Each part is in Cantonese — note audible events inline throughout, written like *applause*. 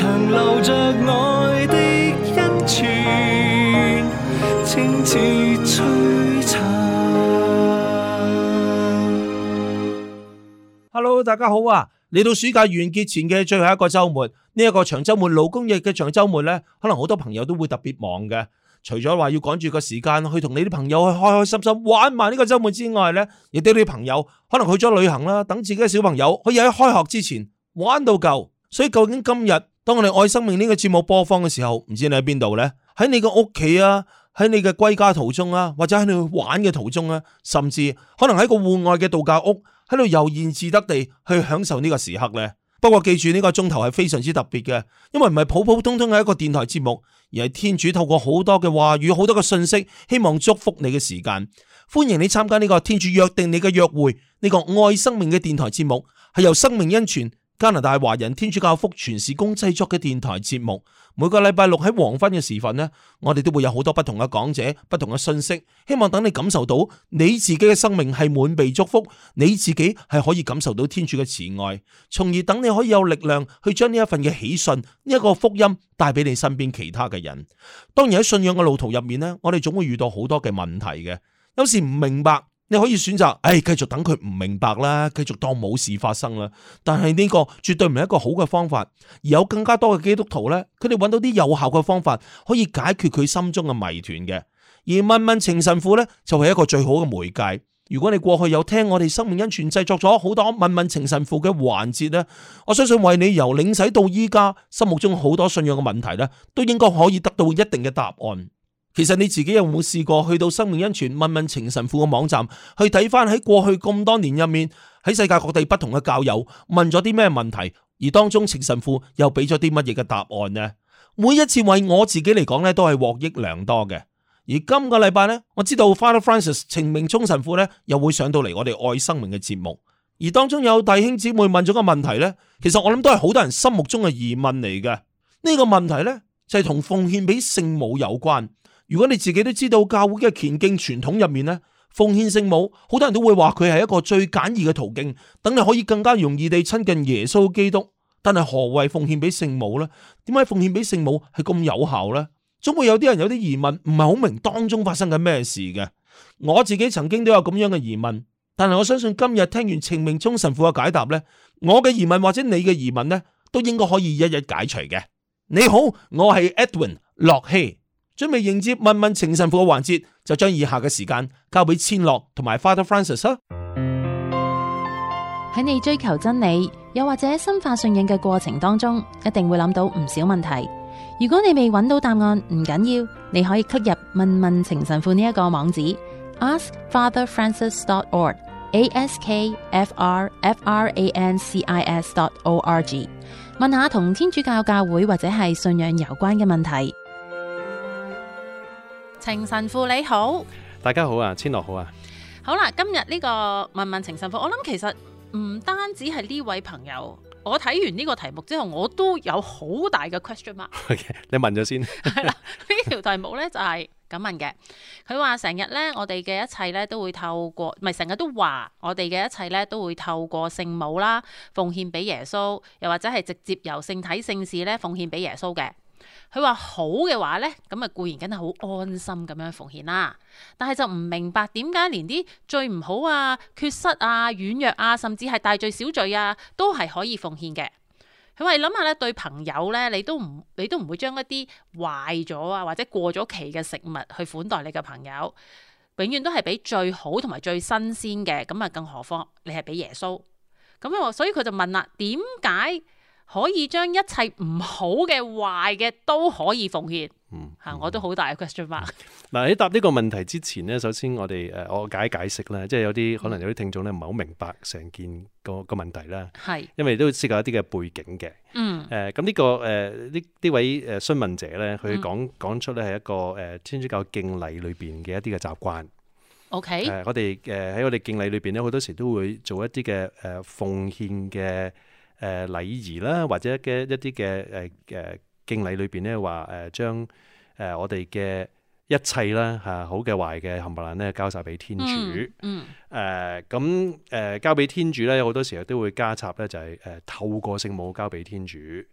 長留着愛的恩泉，靜似璀璨。Hello，大家好啊！嚟到暑假完結前嘅最後一個周末，呢、這、一個長周末、勞工日嘅長周末咧，可能好多朋友都會特別忙嘅。除咗話要趕住個時間去同你啲朋友去開開心心玩埋呢個周末之外咧，亦都有啲朋友可能去咗旅行啦，等自己嘅小朋友可以喺開學之前玩到夠。所以究竟今日，當我哋愛生命呢個節目播放嘅時候，唔知你喺邊度咧？喺你嘅屋企啊，喺你嘅歸家途中啊，或者喺你去玩嘅途中啊，甚至可能喺個戶外嘅度假屋，喺度悠然自得地去享受呢個時刻咧。不過記住呢個鐘頭係非常之特別嘅，因為唔係普普通通嘅一個電台節目，而係天主透過好多嘅話語、好多嘅信息，希望祝福你嘅時間。歡迎你參加呢個天主約定你嘅約會，呢個愛生命嘅電台節目係由生命恩泉加拿大華人天主教福音事工製作嘅電台節目，每個禮拜六喺黃昏嘅時分呢，我哋都會有好多不同嘅講者、不同嘅信息，希望等你感受到你自己嘅生命係滿被祝福，你自己係可以感受到天主嘅慈愛，從而等你可以有力量去將呢一份嘅喜訊、呢一個福音帶俾你身邊其他嘅人。當然喺信仰嘅路途入面呢，我哋總會遇到好多嘅問題嘅，有時唔明白。你可以選擇，誒、哎，繼續等佢唔明白啦，繼續當冇事發生啦。但係呢個絕對唔係一個好嘅方法，而有更加多嘅基督徒咧，佢哋揾到啲有效嘅方法，可以解決佢心中嘅謎團嘅。而問問情神父咧，就係、是、一個最好嘅媒介。如果你過去有聽我哋生命恩泉製作咗好多問問情神父嘅環節咧，我相信為你由領洗到依家，心目中好多信仰嘅問題咧，都應該可以得到一定嘅答案。其實你自己有冇試過去到生命恩泉問問程神父嘅網站去睇返喺過去咁多年入面喺世界各地不同嘅教友問咗啲咩問題，而當中程神父又俾咗啲乜嘢嘅答案呢？每一次為我自己嚟講咧，都係獲益良多嘅。而今個禮拜呢，我知道 Father Francis 程明聰神父咧又會上到嚟我哋愛生命嘅節目，而當中有弟兄姊妹問咗個問題呢，其實我諗都係好多人心目中嘅疑問嚟嘅。呢個問題呢，就係同奉獻俾聖母有關。如果你自己都知道教會嘅虔敬傳統入面呢，奉獻聖母，好多人都會話佢係一個最簡易嘅途徑，等你可以更加容易地親近耶穌基督。但係何謂奉獻俾聖母呢？點解奉獻俾聖母係咁有效呢？總會有啲人有啲疑問，唔係好明當中發生緊咩事嘅。我自己曾經都有咁樣嘅疑問，但係我相信今日聽完程明忠神父嘅解答呢，我嘅疑問或者你嘅疑問呢，都應該可以一一解除嘅。你好，我係 Edwin 駱曦。準備迎接問問情神父嘅環節，就將以下嘅時間交俾千樂同埋 Father Francis 啦。喺你追求真理，又或者深化信仰嘅過程當中，一定會諗到唔少問題。如果你未揾到答案，唔緊要，你可以 click 入問問情神父呢一個網址 askfatherfrancis.org，askfrfrancis.org，問下同天主教教會或者係信仰有關嘅問題。情神父你好，大家好啊，千樂好啊，好啦，今日呢個問問情神父，我諗其實唔單止係呢位朋友，我睇完呢個題目之後，我都有好大嘅 question mark。Okay, 你問咗先，係啦， *laughs* 呢條題目呢就係咁問嘅，佢話成日呢，我哋嘅一切呢都會透過，唔係成日都話我哋嘅一切呢都會透過聖母啦奉獻俾耶穌，又或者係直接由聖體聖事呢奉獻俾耶穌嘅。佢話好嘅話呢，咁啊固然梗係好安心咁樣奉獻啦，但係就唔明白點解連啲最唔好啊、缺失啊、軟弱啊，甚至係大罪小罪啊，都係可以奉獻嘅。佢話你諗下咧，對朋友呢，你都唔你都唔會將一啲壞咗啊或者過咗期嘅食物去款待你嘅朋友，永遠都係俾最好同埋最新鮮嘅，咁啊更何況你係俾耶穌，咁啊所以佢就問啦，點解？可以將一切唔好嘅、壞嘅都可以奉獻，嚇、嗯！我、嗯、走都好大嘅 question mark 嗱，喺答呢個問題之前咧，首先我哋誒我解解釋啦。即、就、係、是、有啲可能有啲聽眾咧唔係好明白成件個個問題啦。係、嗯，因為都會涉及一啲嘅背景嘅。嗯。誒咁呢個誒呢呢位誒詢問者咧，佢講、嗯、講出咧係一個誒、呃、天主教敬禮裏邊嘅一啲嘅習慣。OK、嗯。嗯呃、我哋誒喺我哋敬禮裏邊咧，好多時都會做一啲嘅誒奉獻嘅。誒、呃、禮儀啦，或者嘅一啲嘅誒誒敬禮裏邊咧，話、呃、誒將誒我哋嘅一切啦嚇、啊，好嘅壞嘅冚唪唥咧交晒俾天主。嗯。咁、嗯、誒、呃呃、交俾天主咧，好多時候都會加插咧，就係誒透過聖母交俾天主。誒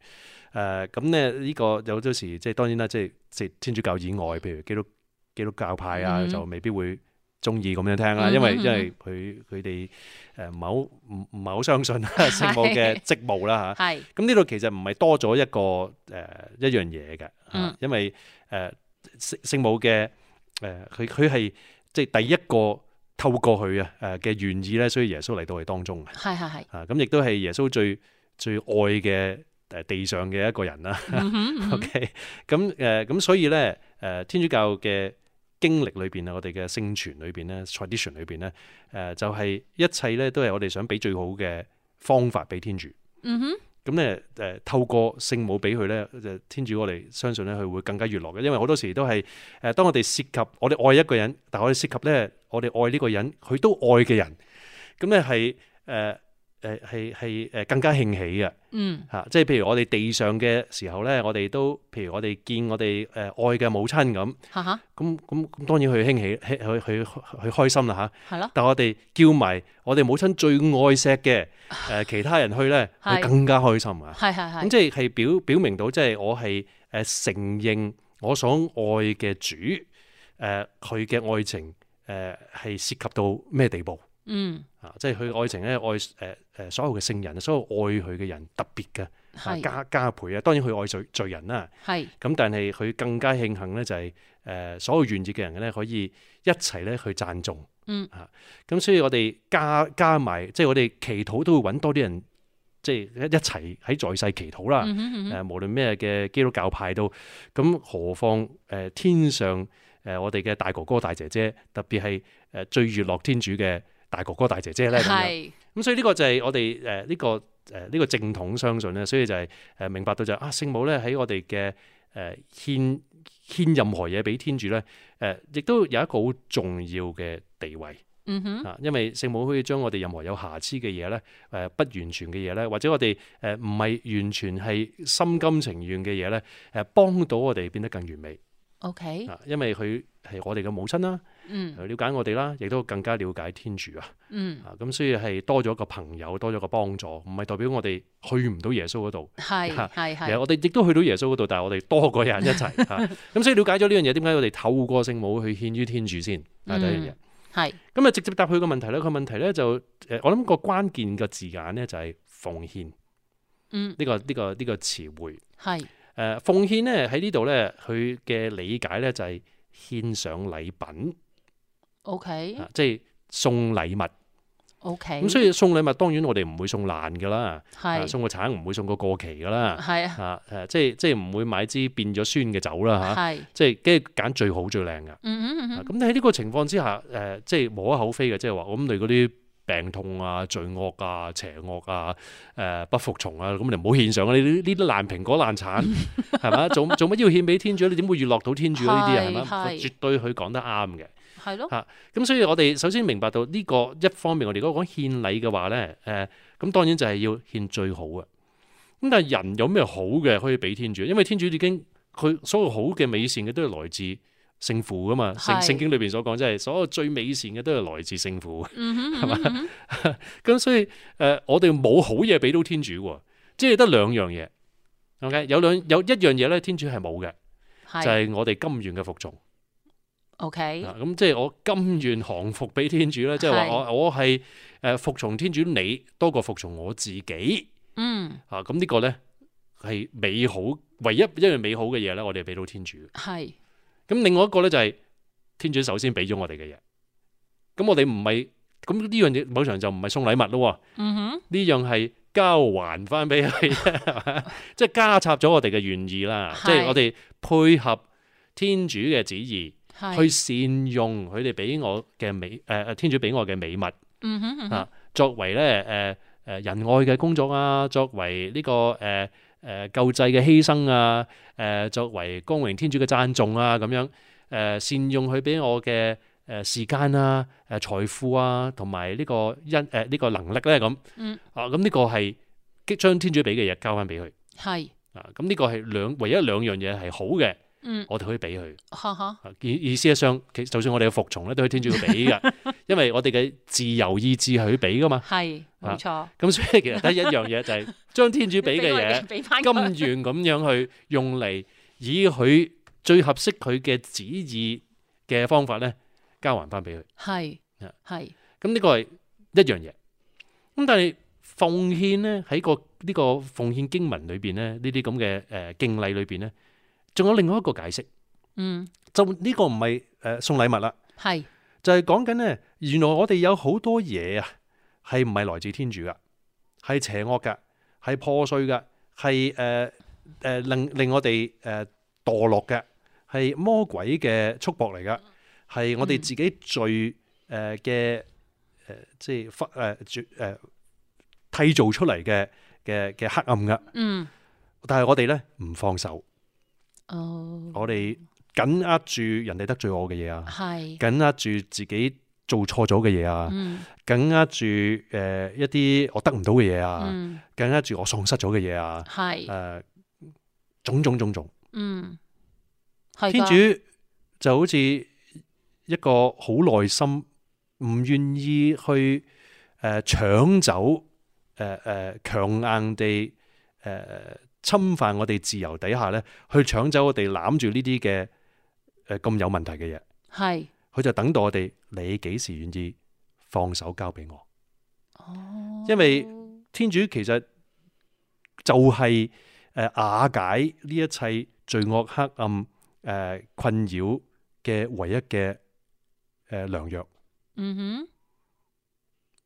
咁咧呢個有好多時即係當然啦，即係即係天主教以外，譬如基督基督教派啊，嗯、就未必會。中意咁樣聽啦，因為因為佢佢哋誒唔係好唔唔係好相信聖母嘅職務啦吓，咁呢度其實唔係多咗一個誒一樣嘢嘅，因為誒聖聖母嘅誒佢佢係即係第一個透過佢啊誒嘅願意咧，所以耶穌嚟到佢當中嘅，係係係啊，咁亦都係耶穌最最愛嘅誒地上嘅一個人啦。OK，咁誒咁所以咧誒天主教嘅。經歷裏邊啊，我哋嘅聖傳裏邊咧，tradition 裏邊咧，誒、呃，就係、是、一切咧，都係我哋想俾最好嘅方法俾天主。咁咧、mm，誒、hmm. 嗯，透過聖母俾佢咧，就天主，我哋相信咧，佢會更加悅樂嘅。因為好多時都係，誒、呃，當我哋涉及，我哋愛一個人，但係我哋涉及咧，我哋愛呢個人，佢都愛嘅人，咁咧係，誒、嗯。誒，係係誒，更加興起嘅，吓、嗯啊，即、就、係、是、譬如我哋地上嘅時候咧，我哋都譬如我哋見我哋誒愛嘅母親咁，咁咁咁，當然佢興起，佢佢佢開心啦吓，啊、是的 *laughs* 但係我哋叫埋我哋母親最愛錫嘅誒其他人去咧，佢更加開心啊，咁即係表表明到即係、就是、我係誒承認我所愛嘅主，誒佢嘅愛情誒係、呃、涉及到咩地步？嗯，啊，即係佢愛情咧愛誒誒，所有嘅聖人，所有愛佢嘅人特別嘅是加加倍啊！當然佢愛罪罪人啦，係咁是，但係佢更加慶幸咧就係誒所有願意嘅人咧可以一齊咧去讚頌，嗯、啊，咁所以我哋加加埋，即係我哋祈禱都會揾多啲人，即係一齊喺在，在世祈禱啦。誒、嗯，無論咩嘅基督教派都，咁何況誒天上誒我哋嘅大哥哥大姐姐，特別係誒最悅樂天主嘅。大哥哥、大姐姐咧咁，咁是、嗯、所以呢個就係我哋誒呢個誒呢、呃呢個正統相信咧，所以就係、是、誒、呃、明白到就係、啊聖母咧喺我哋嘅誒獻獻任何嘢俾天主咧，誒、呃、亦都有一個好重要嘅地位。嗯、哼啊因為聖母可以將我哋任何有瑕疵嘅嘢咧，誒、呃、不完全嘅嘢咧，或者我哋誒唔係完全係心甘情願嘅嘢咧，誒幫到我哋變得更完美。OK，啊、因為佢係我哋嘅母親啦。嗯、了解我哋啦，亦都更加了解天主、嗯、啊。嗯，咁所以係多咗個朋友，多咗個幫助，唔係代表我哋去唔到耶穌嗰度。係係、啊、我哋亦都去到耶穌嗰度，但係我哋多個人一齊吓。咁、 *laughs* 啊、所以了解咗呢樣嘢，點解我哋透過聖母去獻於天主先？啊，第一樣嘢係。咁啊，直接答佢個問題啦。佢問題咧就誒，我諗個關鍵嘅字眼咧就係奉獻。是呃、奉獻呢個呢個呢個詞彙係誒奉獻咧喺呢度咧，佢嘅理解咧就係獻上禮品。O K，即係送禮物。O K，咁所以送禮物，當然我哋唔會送爛噶啦，送個橙唔會送個過期噶啦，啊，即係即係唔會買支變咗酸嘅酒啦，吓，即係梗係揀最好最靚噶。咁你喺呢個情況之下，誒，即係無可厚非嘅，即係話，咁你嗰啲病痛啊、罪惡啊、邪惡啊、誒、不服從啊，咁你唔好獻上啊，呢啲呢啲爛蘋果爛橙，係嘛，做做乜要獻俾天主？你點會悅樂到天主呢啲人？係嘛，絕對佢講得啱嘅。係咯，吓咁、 *noise* 嗯，所以我哋首先明白到呢個一方面，我哋如果講獻禮嘅話咧，誒、呃，咁當然就係要獻最好嘅。咁但係人有咩好嘅可以俾天主？因為天主已經佢所有好嘅美善嘅都係來自聖父噶嘛。聖聖是經裡邊所講即係所有最美善嘅都係來自聖父，係嘛、嗯哼？咁、 *laughs* 嗯嗯 *laughs* 嗯、所以誒、呃，我哋冇好嘢俾到天主，即係得兩樣嘢。點、okay? 解？有兩有一樣嘢咧，天主係冇嘅，就係、是、我哋甘願嘅服從。是 O K，咁即係我甘願降服俾天主咧，即係話我我係誒服從天主你多過服從我自己，嗯，吓咁呢個咧係美好，唯一一樣美好嘅嘢咧，我哋係俾到天主嘅，係。咁另外一個咧就係天主首先俾咗我哋嘅嘢，咁我哋唔係咁呢樣嘢，某場就唔係送禮物咯，嗯哼，呢樣係交還翻俾佢，即係加插咗我哋嘅願意啦，即係我哋配合天主嘅旨意。是去善用佢哋俾我嘅美，誒、呃、誒天主俾我嘅美物，嗯哼嗯哼啊，作為咧誒誒仁愛嘅工作啊，作為呢、這個誒誒、呃、救濟嘅犧牲啊，誒、呃、作為光榮天主嘅讚頌啊，咁樣誒、呃、善用佢俾我嘅誒時間啊、誒財富啊，同埋呢個因誒呢個能力咧咁，嗯、啊咁呢、這個係即將天主俾嘅嘢交翻俾佢，係是啊咁呢、這個係兩唯一兩樣嘢係好嘅。嗯，我哋可以俾佢，意呵意思上，就算我哋嘅服從咧，都係天主要俾嘅， *laughs* 因為我哋嘅自由意志係佢俾噶嘛，係冇錯。咁、啊、所以其實得一樣嘢就係將天主俾嘅嘢， *laughs* 金緣咁樣去用嚟，以佢最合適佢嘅旨意嘅方法咧，交還翻俾佢。係係。 *laughs* 咁是呢、啊、個係一樣嘢。咁但係奉獻咧喺個呢個奉獻經文裏邊咧，這這裡面裡面呢啲咁嘅誒敬禮裏邊咧。仲有另外一個解釋，嗯，就呢個唔係誒送禮物啦，係是就係講緊咧，原來我哋有好多嘢啊，係唔係來自天主噶，係邪惡嘅，係破碎嘅，係誒誒令令我哋誒墮落嘅，係魔鬼嘅束縛嚟噶，係我哋自己罪誒嘅誒即係忽誒絕誒締造出嚟嘅嘅嘅黑暗噶，嗯，但係我哋咧唔放手。Oh, 我哋緊握住人哋得罪我嘅嘢啊，緊是握住自己做錯咗嘅嘢啊，緊、嗯、握住誒、呃、一啲我得唔到嘅嘢啊，緊、嗯、握住我喪失咗嘅嘢啊，係誒是、呃、種種種種，嗯，天主就好似一個好耐心，唔願意去誒搶、呃、走，誒誒強硬地誒。呃侵犯我哋自由底下咧，去搶走我哋攬住呢啲嘅誒咁有問題嘅嘢，係佢是就等待我哋，你幾時願意放手交俾我？哦，因為天主其實就係誒瓦解呢一切罪惡黑暗誒困擾嘅唯一嘅誒良藥。嗯哼，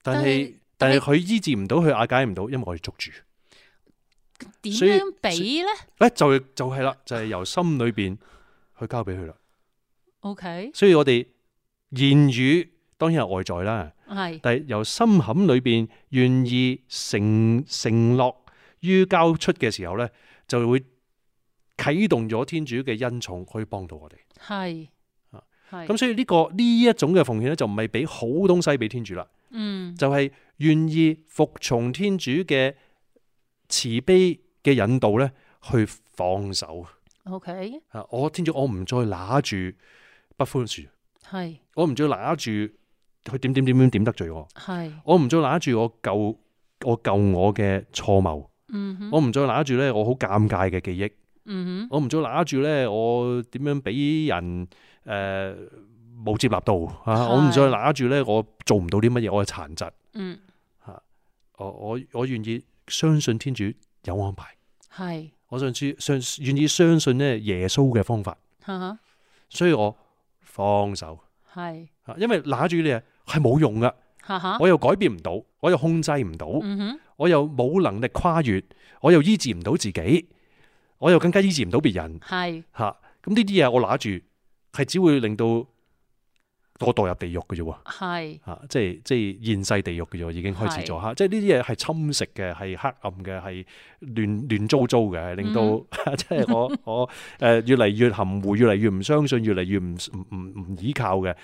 但係是但係佢醫治唔到，佢是瓦解唔到，因為我哋捉住。點樣俾咧？誒，就就係啦，就係由心裏邊去交俾佢啦。O K。所以我哋言語當然係外在啦，係，但係由心坎裏邊願意承承諾於交出嘅時候咧，就會啟動咗天主嘅恩寵，可以幫到我哋。係啊，係。咁所以呢個呢一種嘅奉獻咧，就唔係俾好東西俾天主啦。嗯，就係願意服從天主嘅。慈悲嘅引導咧，去放手。OK，啊，我聽住，我唔再拿住不寬恕。係是，我唔再拿住佢點點點點點得罪我。係是，我唔、嗯、哼再拿住我舊我舊我嘅錯謬。我唔再拿住咧，我好尷尬嘅記憶。嗯、哼我唔再拿住咧、呃是，我點樣俾人誒冇接納到啊？我唔再拿住咧，我做唔到啲乜嘢，我係殘疾。吓，我我我願意。相信天主有安排，係的我上次想願意相信咧耶穌嘅方法，吓吓的，所以我放手，係的，因為拿住呢嘢係冇用噶，我又改變唔到，我又控制唔到，嗯、哼我又冇能力跨越，我又醫治唔到自己，我又更加醫治唔到別人，係的，吓的，咁呢啲嘢我拿住係只會令到。我墮入地獄嘅啫喎，係啊是，即係即係現世地獄嘅啫，已經開始咗吓，是即係呢啲嘢係侵蝕嘅，係黑暗嘅，係亂亂糟糟嘅，令到即係我我誒越嚟越含糊，越嚟越唔相信，越嚟越唔唔唔唔依靠嘅，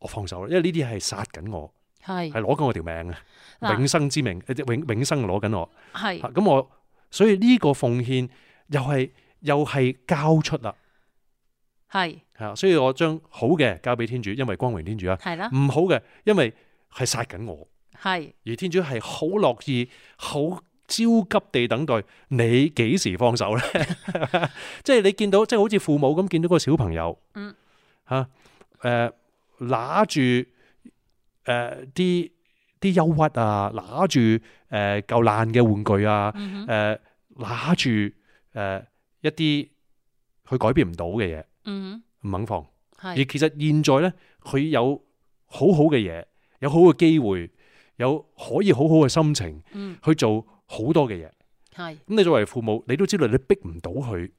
我放手咯，因為呢啲係殺緊我，係攞緊我條命嘅、啊、永生之命，誒，永永生攞緊我，係咁是、啊、我，所以呢個奉獻又係又係交出啦。係，吓，所以我將好嘅交俾天主，因為光榮天主啊，係啦的，唔好嘅，因為係殺緊我，係的，而天主係好樂意、好焦急地等待你幾時放手咧，即 *laughs* 係你見到，即、就、係、是、好似父母咁見到個小朋友，嗯，吓，誒，拿住誒啲啲憂鬱啊，拿住誒夠爛嘅玩具啊，誒、嗯哼呃，拿住誒、呃、一啲佢改變唔到嘅嘢。嗯，唔肯放，是而其實現在咧，佢有好好嘅嘢，有好嘅機會，有可以好好嘅心情，嗯、去做好多嘅嘢，係是。咁、嗯、你作為父母，你都知道你逼唔到佢，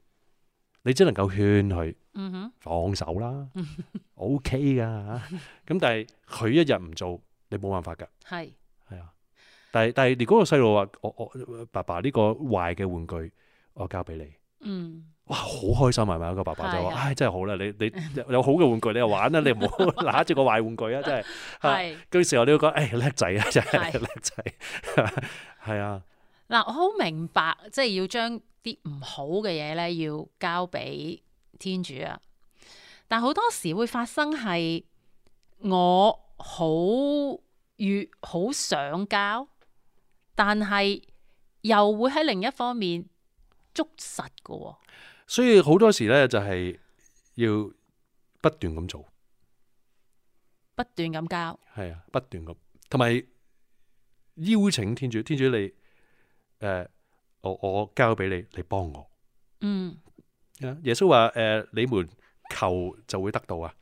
你只能夠勸佢，嗯、哼放手啦，O K 噶，咁但係佢一日唔做，你冇辦法噶，係是，係啊。但係但係，如果個細路話，我我，我爸爸呢個壞嘅玩具，我交俾你，嗯。哇，好開心係咪？個爸爸就話：唉、啊哎，真係好啦，你你，你有好嘅玩具，你又玩啦， *laughs* 你唔好拿住個壞玩具是啊！真係。係。嗰時候你會講：唉、哎，叻仔是啊，真係叻仔，係啊。嗱，我好明白，即係要將啲唔好嘅嘢咧，要交俾天主啊。但好多時會發生係，我好越好想交，但係又會喺另一方面捉實噶。所以好多時咧，就係要不斷咁做，不斷咁教，係啊，不斷咁，同埋邀請天主，天主你，誒，我我交俾你，你幫我，嗯，啊，耶穌話誒，你們求就會得到啊，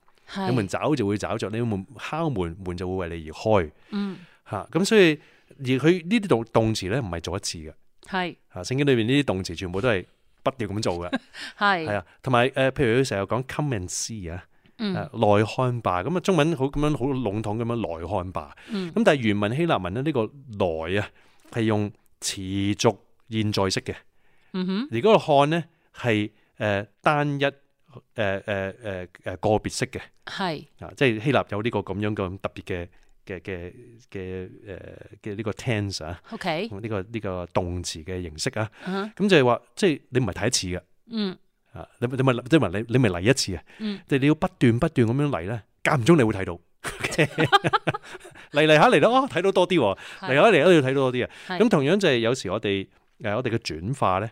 你們找就會找着，你們敲門門就會為你而開，嗯，吓，咁所以而佢呢啲動動詞咧，唔係做一次嘅，係，吓，聖經裏邊呢啲動詞全部都係。不要咁做嘅，係係啊，同埋誒，譬如佢成日講 come and see 啊、嗯呃，來看吧，咁啊中文好咁樣好籠統咁樣來看吧，咁、嗯、但係原文希臘文咧呢、這個來啊係用持續現在式嘅，嗯、哼而嗰個看咧係誒單一誒誒誒誒個別式嘅，係是啊，即、就、係、是、希臘有呢、這個咁樣嘅特別嘅。嘅嘅嘅誒嘅呢個 tense Okay .啊、這個，呢個呢個動詞嘅形式啊，咁、uh huh. 就係話，即係你唔係睇一次嘅，啊、uh huh.，你你咪即係話你你咪嚟一次啊，但係、uh huh. 你要不斷不斷咁樣嚟咧，間唔中你會睇到嚟嚟下嚟到哦，睇到，到多啲，嚟啊嚟啊都要睇到多啲啊。咁、 *music* 嗯、同樣就係有時我哋誒我哋嘅轉化咧。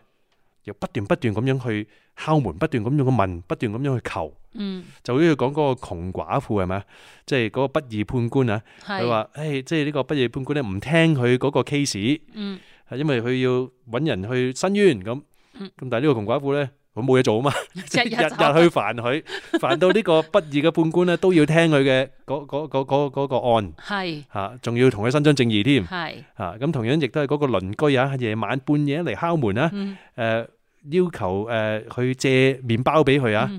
又不斷不斷咁樣去敲門，不斷咁樣去問，不斷咁樣去求。嗯，就好似講嗰個窮寡婦係咪？即係嗰個不義判官啊。佢話係，誒，即係呢個不義判官咧，唔聽佢嗰個 case。嗯。係因為佢要揾人去申冤咁。咁但係呢個窮寡婦咧。我冇嘢做啊嘛，日日去煩佢，煩到呢個不義嘅判官咧都要聽佢嘅嗰嗰嗰嗰嗰個案，係嚇，仲要同佢伸張正義添，係嚇。咁同樣亦都係嗰個鄰居啊，夜晚半夜嚟敲門啊，誒要求誒去借麵包俾佢啊。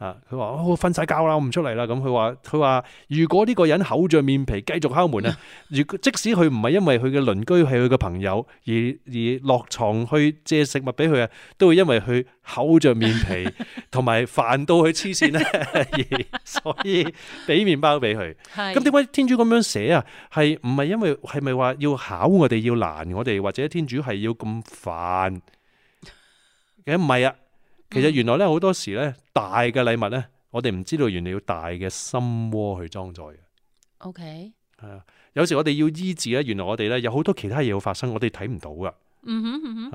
啊！佢話我瞓晒覺啦，我唔出嚟啦。咁佢話佢話，如果呢個人厚着面皮繼續敲門咧，如 *laughs* 即使佢唔係因為佢嘅鄰居係佢嘅朋友，而而落床去借食物俾佢啊，都會因為佢厚着面皮同埋煩到佢黐線咧， *laughs* 而所以俾麵包俾佢。咁點解天主咁樣寫啊？係唔係因為係咪話要考我哋，要難我哋，或者天主係要咁煩？誒唔係啊！其實原來咧，好多時咧，大嘅禮物咧，我哋唔知道原來要大嘅心窩去裝載嘅。O K，係啊，有時我哋要醫治咧，原來我哋咧有好多其他嘢會發生，我哋睇唔到噶。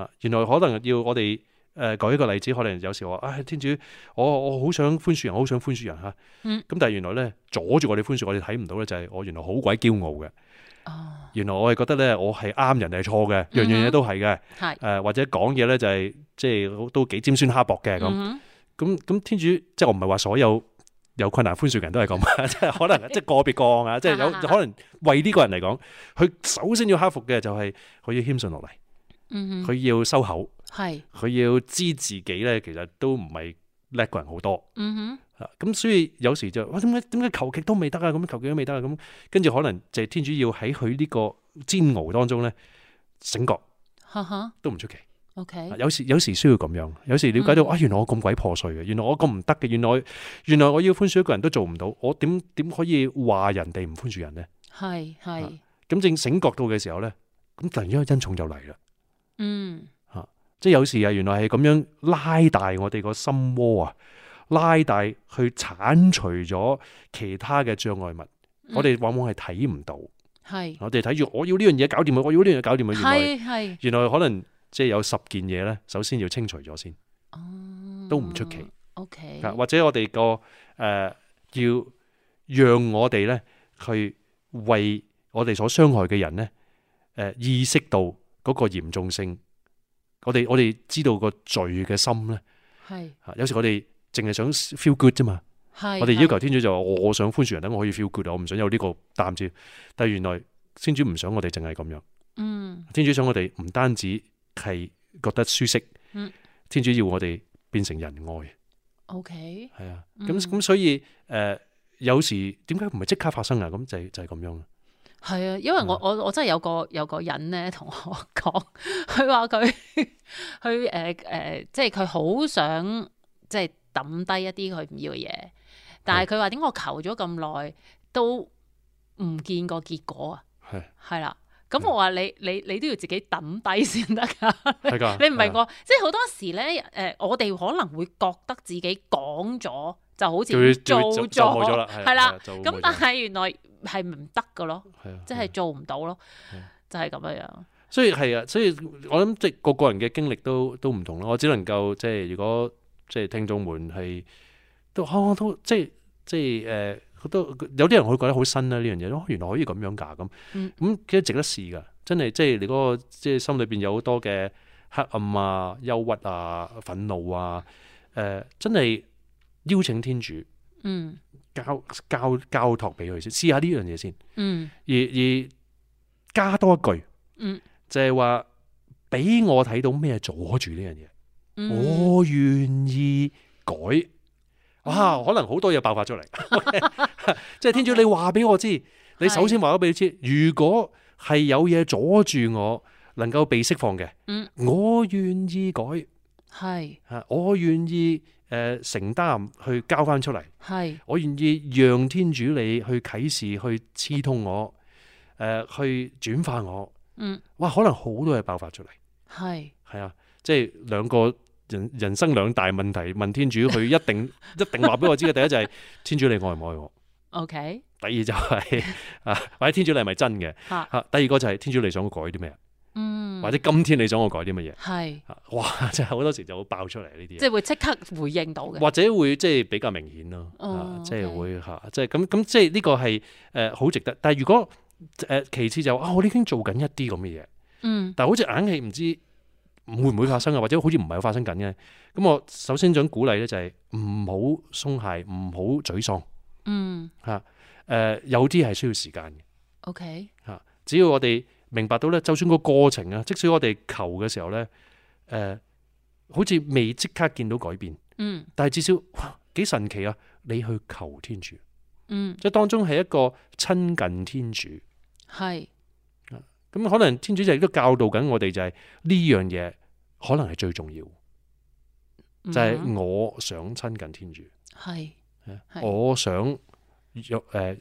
啊，原來可能要我哋誒，舉一個例子，可能有時我話，唉、哎，天主，我我好想寬恕人，好想寬恕人吓。咁但係原來咧，阻住我哋寬恕，我哋睇唔到咧，就係我原來好鬼驕傲嘅。哦、原來我係覺得咧，我係啱人哋係錯嘅，樣樣嘢，都係嘅，係誒、呃、或者講嘢咧就係、是、即係都幾尖酸刻薄嘅咁，咁咁、嗯哼嗯、天主即係我唔係話所有有困難寬恕人都係咁， *laughs* 即係可能即係個別個案啊， *laughs* 即係有可能為呢個人嚟講，佢首先要克服嘅就係、是、佢要謙遜落嚟，佢、嗯、哼要收口，係是，佢要知自己咧其實都唔係叻過人好多，嗯嗯咁、啊、所以有時就哇，點解點解求極都未得啊？咁求極都未得啊？咁跟住可能就係天主要喺佢呢個煎熬當中咧，醒覺，吓吓，都唔出奇。OK，有時有時需要咁樣，有時了解到、嗯、啊，原來我咁鬼破碎嘅，原來我咁唔得嘅，原來原來我要寬恕一個人都做唔到，我點點可以話人哋唔寬恕人咧？係係，咁、啊、正醒覺到嘅時候咧，咁突然間個恩寵就嚟啦。嗯，啊，即係有時啊，原來係咁樣拉大我哋個心窩啊。拉大去鏟除咗其他嘅障礙物，嗯、我哋往往係睇唔到。係是我哋睇住，我要呢樣嘢搞掂佢，我要呢樣嘢搞掂佢。原來原來可能即係有十件嘢咧，首先要清除咗先。哦，都唔出奇。okay 或者我哋、個誒、呃、要讓我哋咧去為我哋所傷害嘅人咧，誒、呃、意識到嗰個嚴重性。我哋我哋知道個罪嘅心咧，係是有時我哋。淨係想 feel good 啫嘛，係、我哋要求天主就話，我想寬恕人，等我可以 feel good，我唔想有呢個擔子，但係原來天主唔想我哋淨係咁樣，嗯、天主想我哋唔單止係覺得舒適，嗯、天主要我哋變成仁愛。O K，係啊，咁咁、嗯、所以誒、呃，有時點解唔係即刻發生啊？咁就係、就係、係、咁樣，係啊，因為我、嗯、我我真係有個有個人咧同我講，佢話佢佢誒誒，即係佢好想即係。即抌低一啲佢唔要嘅嘢，但係佢話，點我求咗咁耐都唔見個結果啊？係係啦，咁我話你的你你都要自己抌低先得噶，你唔係個，即係好多時咧，誒，我哋可能會覺得自己講咗就好似做咗，係啦，咁但係原來係唔得噶咯，即係做唔到咯，嗯、就係咁樣樣，所以係啊，所以我諗即係個個人嘅經歷都都唔同咯，我只能夠即係如果。即係聽眾們係都，哦、都即係即係誒，好、呃、有啲人會覺得好新啦呢樣嘢，哦，原來可以咁樣噶咁，咁、嗯、其實值得試噶，真係即係你嗰、那個即係心裏邊有好多嘅黑暗啊、憂鬱啊、憤怒啊，誒、呃，真係邀請天主，嗯，交交交託俾佢先，試下呢樣嘢先，嗯，而而加多一句，嗯，就係話俾我睇到咩阻住呢樣嘢。我願意改，哇！可能好多嘢爆發出嚟，即係天主，你話俾我知。你首先話咗俾你知，如果係有嘢阻住我能夠被釋放嘅，嗯，我願意改，係吓，我願意誒承擔去交翻出嚟，係，我願意讓天主你去啟示、去刺痛我，誒，去轉化我，嗯，哇，可能好多嘢爆發出嚟，係，係啊，即係兩個。人人生兩大問題，問天主佢一定 *laughs* 一定話俾我知嘅。第一就係天主你愛唔愛我？OK。第二就係、是、啊，或、哎、者天主你係咪真嘅？吓， *laughs* 第二個就係天主你想我改啲咩？嗯，或者今天你想我改啲乜嘢？係是。哇，真係好多時就會爆出嚟呢啲。即係是會即刻回應到嘅。或者會即係比較明顯咯、哦 okay 啊。即係會吓、啊，即係咁咁，即係呢個係誒好值得。但係如果誒其次就是、啊,啊，我已經做緊一啲咁嘅嘢。但係好似硬氣唔知,不知。會唔會發生啊，或者好似唔係喎，發生緊嘅？咁我首先想鼓勵咧，就係唔好鬆懈，唔好沮喪。嗯，吓，誒，有啲係需要時間嘅。OK，吓，只要我哋明白到咧，就算個過程啊，即使我哋求嘅時候咧，誒、呃，好似未即刻見到改變，嗯，但係至少幾神奇啊！你去求天主，嗯，即係當中係一個親近天主。係、嗯。咁可能天主就都教導緊我哋，就係呢樣嘢可能係最重要，就係、是、我想親近天主，係、mm，hmm. 我想誒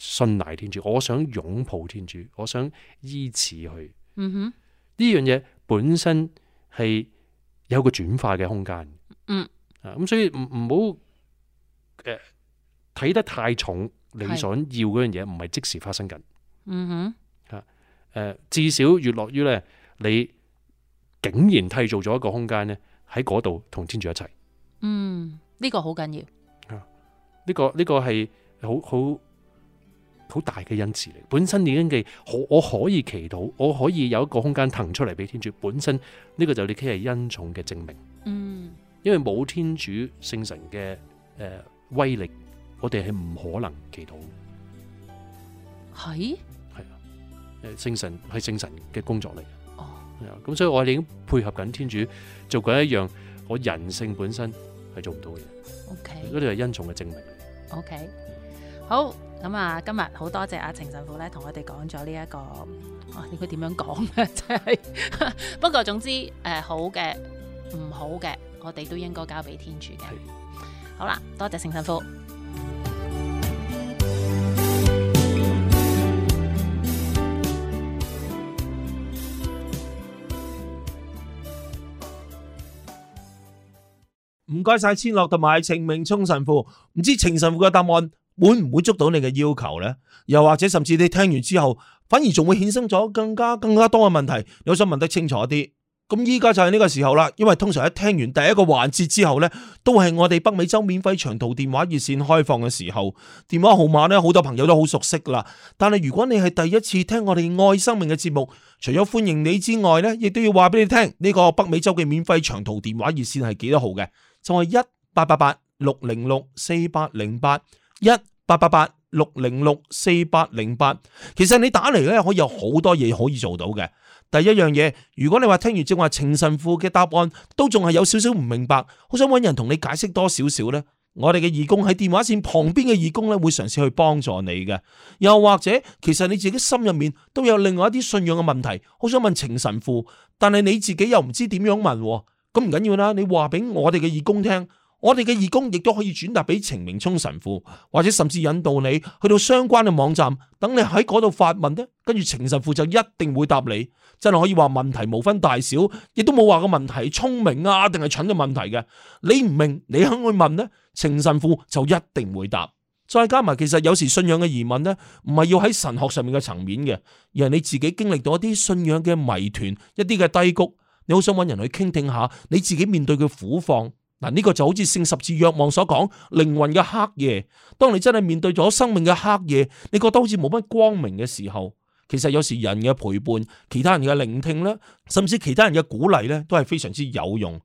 信賴天主，我想擁抱天主，我想依此去，嗯哼、mm，呢樣嘢本身係有個轉化嘅空間，嗯、mm，啊，咁所以唔唔好誒睇得太重，你想要嗰樣嘢唔係即時發生緊，嗯哼、mm。Hmm. 誒，至少越落於咧，你竟然締造咗一個空間咧，喺嗰度同天主一齊。嗯，呢、這個好緊要。啊，呢、這個呢、這個係好好好大嘅恩慈嚟。本身你已經嘅可，我可以祈禱，我可以有一個空間騰出嚟俾天主。本身呢個就你係恩寵嘅證明。嗯，因為冇天主聖神嘅誒、呃、威力，我哋係唔可能祈禱。係。誒，聖神係聖神嘅工作嚟嘅，係啊，咁所以我哋已經配合緊天主做緊一樣我人性本身係做唔到嘅嘢。O K，嗰啲係恩寵嘅證明。O K，好，咁啊，今日好多謝阿程神父咧，同我哋講咗呢一個，哇，點佢點樣講嘅，即係，不過總之，誒，好嘅，唔好嘅，我哋都應該交俾天主嘅。好啦，多謝程神父。唔該晒，謝謝千樂同埋程明聰神父，唔知程神父嘅答案會唔會捉到你嘅要求呢？又或者甚至你聽完之後，反而仲會衍生咗更加更加多嘅問題，都想問得清楚啲。咁依家就係呢個時候啦，因為通常一聽完第一個環節之後呢，都係我哋北美洲免費長途電話熱線開放嘅時候，電話號碼呢，好多朋友都好熟悉啦。但係如果你係第一次聽我哋愛生命嘅節目，除咗歡迎你之外呢，亦都要話俾你聽呢個北美洲嘅免費長途電話熱線係幾多號嘅。就係一八八八六零六四八零八一八八八六零六四八零八。其實你打嚟咧，可以有好多嘢可以做到嘅。第一樣嘢，如果你話聽完正話，情神父嘅答案都仲係有少少唔明白，好想搵人同你解釋多少少呢。我哋嘅義工喺電話線旁邊嘅義工咧，會嘗試去幫助你嘅。又或者，其實你自己心入面都有另外一啲信仰嘅問題，好想問情神父，但係你自己又唔知點樣問。咁唔緊要啦，你話俾我哋嘅義工聽，我哋嘅義工亦都可以轉達俾程明聰神父，或者甚至引導你去到相關嘅網站，等你喺嗰度發問呢，跟住程神父就一定會答你。真係可以話問題無分大小，亦都冇話個問題聰明啊，定係蠢嘅問題嘅。你唔明，你肯去問呢？程神父就一定會答。再加埋其實有時信仰嘅疑問呢，唔係要喺神學上面嘅層面嘅，而係你自己經歷到一啲信仰嘅謎團、一啲嘅低谷。你好想揾人去傾聽下你自己面對嘅苦況，嗱，呢個就好似聖十字若望所講，靈魂嘅黑夜，當你真係面對咗生命嘅黑夜，你覺得好似冇乜光明嘅時候，其實有時人嘅陪伴、其他人嘅聆聽咧，甚至其他人嘅鼓勵咧，都係非常之有用。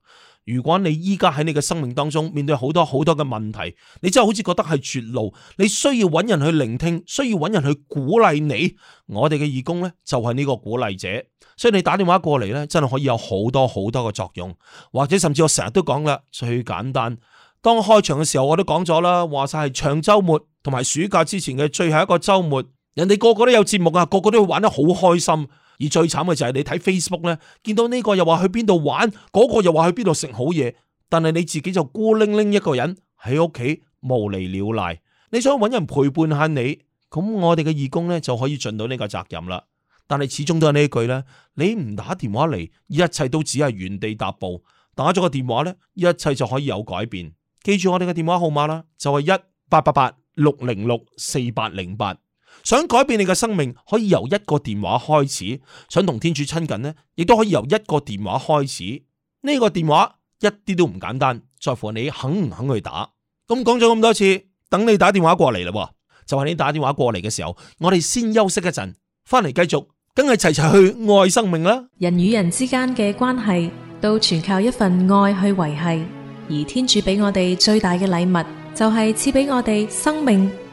如果你依家喺你嘅生命當中面對好多好多嘅問題，你真係好似覺得係絕路，你需要揾人去聆聽，需要揾人去鼓勵你。我哋嘅義工呢，就係呢個鼓勵者，所以你打電話過嚟呢，真係可以有好多好多嘅作用，或者甚至我成日都講啦，最簡單，當開場嘅時候我都講咗啦，話晒係長週末同埋暑假之前嘅最後一個週末，人哋個個都有節目啊，個個都會玩得好開心。而最慘嘅就係你睇 Facebook 咧，見到呢個又話去邊度玩，嗰個又話去邊度食好嘢，但係你自己就孤零零一個人喺屋企無厘了賴，你想搵人陪伴下你，咁我哋嘅義工咧就可以盡到呢個責任啦。但係始終都係呢一句咧，你唔打電話嚟，一切都只係原地踏步；打咗個電話咧，一切就可以有改變。記住我哋嘅電話號碼啦，就係一八八八六零六四八零八。想改變你嘅生命，可以由一個電話開始；想同天主親近呢，亦都可以由一個電話開始。呢個電話一啲都唔簡單，在乎你肯唔肯去打。咁講咗咁多次，等你打電話過嚟啦，就係你打電話過嚟嘅時候，我哋先休息一陣，翻嚟繼續，梗係齊齊去愛生命啦。人與人之間嘅關係，都全靠一份愛去維繫，而天主俾我哋最大嘅禮物，就係賜俾我哋生命。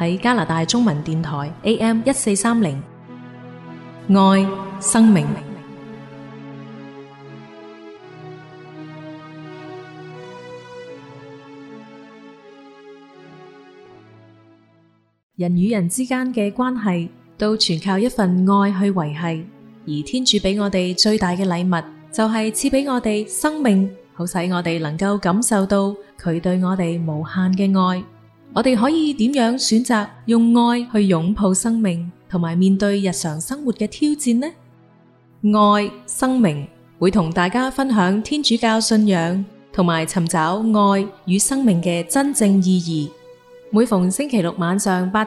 喺加拿大中文電台 AM 一四三零，愛生命。人與人之間嘅關係，都全靠一份愛去維繫。而天主俾我哋最大嘅禮物，就係賜俾我哋生命，好使我哋能夠感受到佢對我哋無限嘅愛。我哋可以點樣選擇用愛去擁抱生命，同埋面對日常生活嘅挑戰呢？愛生命會同大家分享天主教信仰同埋尋找愛與生命嘅真正意義，每逢星期六晚上8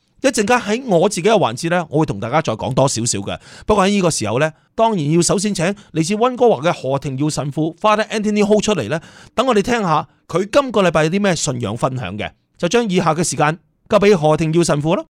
一陣間喺我自己嘅環節呢，我會同大家再講多少少嘅。不過喺呢個時候呢，當然要首先請嚟自溫哥華嘅何庭耀神父 Father Anthony Ho 出嚟呢，等我哋聽下佢今個禮拜有啲咩信仰分享嘅。就將以下嘅時間交俾何庭耀神父咯。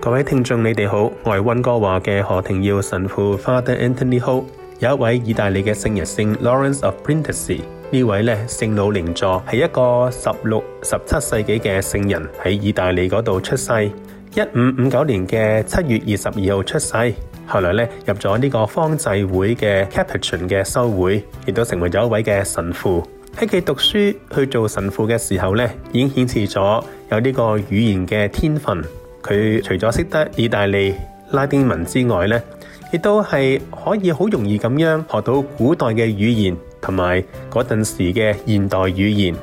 各位聽眾，你哋好，我係溫哥華嘅何庭耀神父 Father Anthony Ho，有一位意大利嘅聖人 Saint Lawrence of Brindisi。位呢位咧聖老楞佐係一個十六、十七世紀嘅聖人，喺意大利嗰度出世，一五五九年嘅七月二十二號出世。後來咧入咗呢個方濟會嘅 Capuchin 嘅修會，亦都成為咗一位嘅神父。喺佢讀書去做神父嘅時候咧，已經顯示咗有呢個語言嘅天分。佢除咗識得意大利拉丁文之外咧，亦都係可以好容易咁樣學到古代嘅語言。同埋嗰陣時嘅現代語言，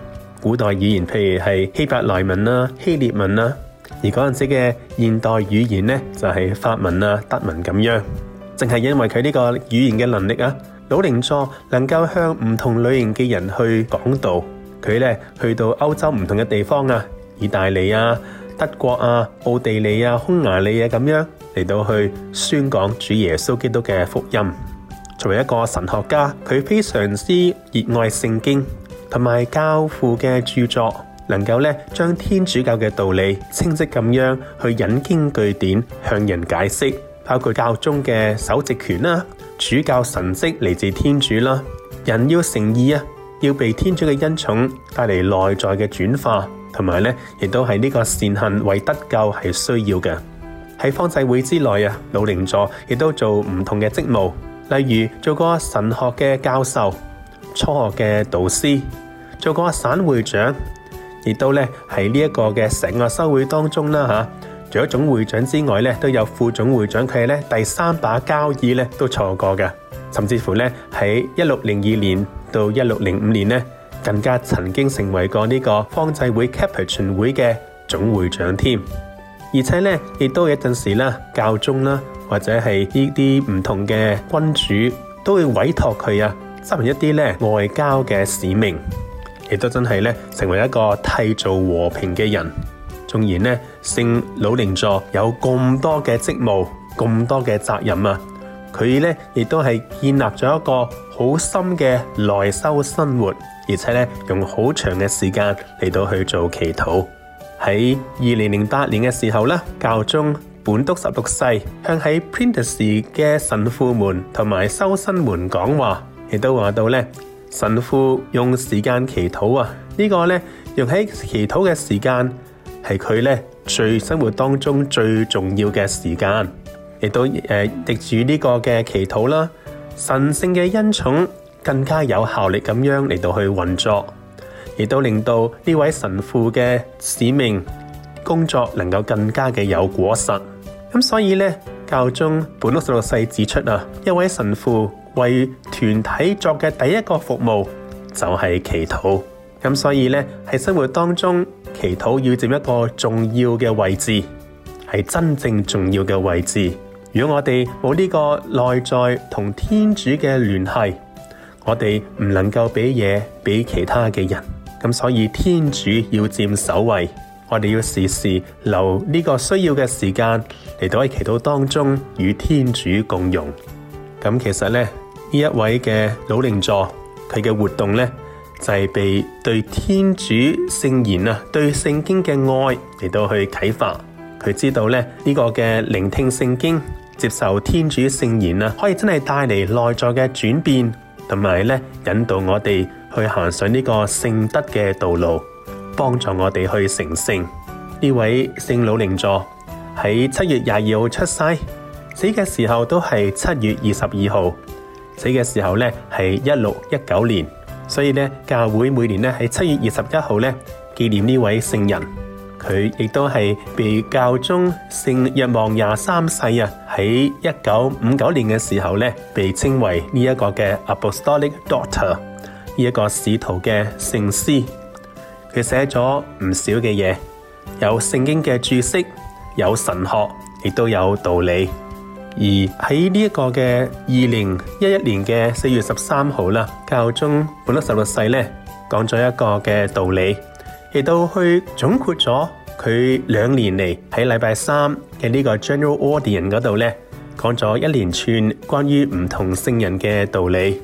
古代語言，譬如係希伯來文啊、希列文啊，而嗰陣時嘅現代語言呢，就係法文啊、德文咁樣。正係因為佢呢個語言嘅能力啊，老楞佐能夠向唔同類型嘅人去講道。佢呢去到歐洲唔同嘅地方啊，意大利啊、德國啊、奧地利啊、匈牙利啊咁樣嚟到去宣講主耶穌基督嘅福音。作為一個神學家，佢非常之熱愛聖經同埋教父嘅著作，能夠咧將天主教嘅道理清晰咁樣去引經據典向人解釋。包括教宗嘅首席權啦，主教神職嚟自天主啦，人要誠意啊，要被天主嘅恩寵帶嚟內在嘅轉化，同埋咧亦都係呢個善行為得救係需要嘅。喺方濟會之內啊，老楞佐亦都做唔同嘅職務。例如做過神學嘅教授、初學嘅導師，做過省會長，亦都咧喺呢一個嘅成個修會當中啦嚇，除、啊、咗總會長之外咧，都有副總會長，佢咧第三把交椅咧都錯過嘅，甚至乎咧喺一六零二年到一六零五年咧，更加曾經成為過呢個方濟會 Capuchin 全會嘅總會長添，而且咧亦都有一陣時啦教宗啦。或者係呢啲唔同嘅君主都會委託佢啊，執行一啲咧外交嘅使命，亦都真係咧成為一個締造和平嘅人。縱然呢，聖老楞佐有咁多嘅職務、咁多嘅責任啊，佢咧亦都係建立咗一個好深嘅內修生活，而且咧用好長嘅時間嚟到去做祈禱。喺二零零八年嘅時候啦，教宗，本篤十六世向喺 p r i n t 嘅神父們同埋修生們講話，亦都話到咧，神父用時間祈禱啊，這個、呢個咧用喺祈禱嘅時間係佢咧最生活當中最重要嘅時間，亦都誒藉住呢個嘅祈禱啦，神聖嘅恩寵更加有效力咁樣嚟到去運作，亦都令到呢位神父嘅使命工作能夠更加嘅有果實。咁所以咧，教宗本篤十六世指出啊，一位神父為團體作嘅第一個服務就係祈禱。咁所以咧，喺生活當中祈禱要佔一個重要嘅位置，係真正重要嘅位置。如果我哋冇呢個內在同天主嘅聯繫，我哋唔能夠俾嘢俾其他嘅人。咁所以天主要佔首位。我哋要時時留呢個需要嘅時間嚟到喺祈禱當中與天主共融。咁其實咧，呢一位嘅老楞佐，佢嘅活動咧就係、是、被對天主聖言啊，對聖經嘅愛嚟到去啟發。佢知道咧呢、這個嘅聆聽聖經、接受天主聖言啊，可以真係帶嚟內在嘅轉變，同埋咧引導我哋去行上呢個聖德嘅道路。幫助我哋去成聖。呢位聖老楞佐喺七月廿二號出世，死嘅時候都係七月二十二號，死嘅時候咧係一六一九年，所以咧教會每年咧喺七月二十一號咧紀念呢位聖人，佢亦都係被教宗聖若望廿三世啊喺一九五九年嘅時候咧被稱為呢一個嘅 Apostolic Doctor 呢一個使徒嘅聖師。佢寫咗唔少嘅嘢，有聖經嘅注釋，有神學，亦都有道理。而喺呢一個嘅二零一一年嘅四月十三號啦，教宗本篤十六世咧講咗一個嘅道理，亦都去總括咗佢兩年嚟喺禮拜三嘅呢個 General Audience 嗰度咧講咗一連串關於唔同聖人嘅道理。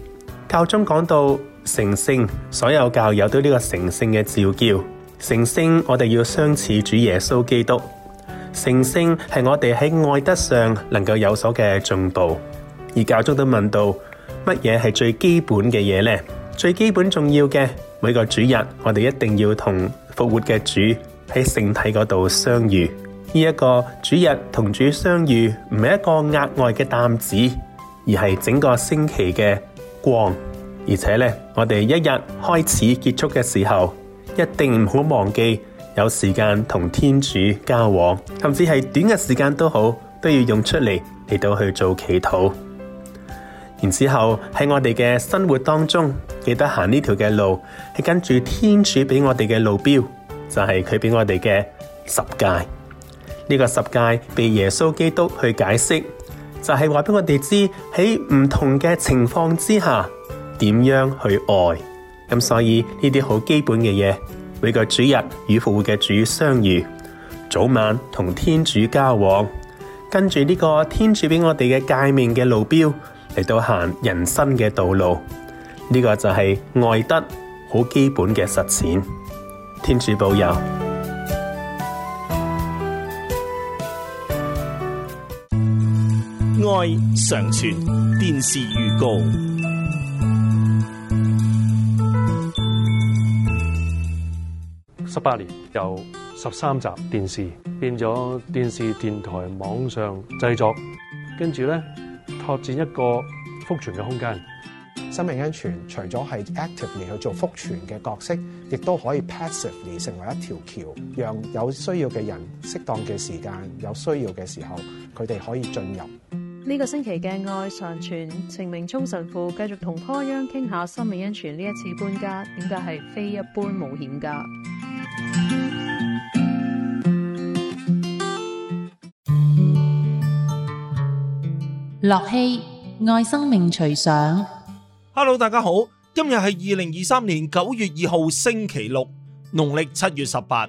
教宗講到。成聖，所有教友對呢個成聖嘅召叫。成聖，我哋要相似主耶穌基督。成聖係我哋喺愛德上能夠有所嘅進步。而教宗都問到，乜嘢係最基本嘅嘢呢？最基本重要嘅，每個主日我哋一定要同復活嘅主喺聖體嗰度相遇。呢一個主日同主相遇，唔係一個額外嘅擔子，而係整個星期嘅光。而且咧，我哋一日開始結束嘅時候，一定唔好忘記有時間同天主交往，甚至係短嘅時間都好，都要用出嚟嚟到去做祈禱。然之後喺我哋嘅生活當中，記得行呢條嘅路，係跟住天主俾我哋嘅路標，就係佢俾我哋嘅十誡。呢個十誡被耶穌基督去解釋，就係話俾我哋知喺唔同嘅情況之下。點樣去愛？咁所以呢啲好基本嘅嘢，每個主日與父嘅主相遇，早晚同天主交往，跟住呢個天主俾我哋嘅誡命嘅路標嚟到行人生嘅道路，呢、這個就係愛德好基本嘅實踐。天主保佑，愛常傳。電視預告。八年由十三集電視變咗電視、電台、網上製作，跟住咧拓展一個福傳嘅空間。生命恩泉除咗係 actively 去做福傳嘅角色，亦都可以 passively 成為一條橋，讓有需要嘅人適當嘅時間、有需要嘅時候，佢哋可以進入呢個星期嘅《愛常存》。程明聰神父繼續同潘央傾下生命恩泉。呢一次搬家，點解係非一般冒險家？駱曦愛生命隨想，Hello，大家好，今日係二零二三年九月二號星期六，農曆七月十八。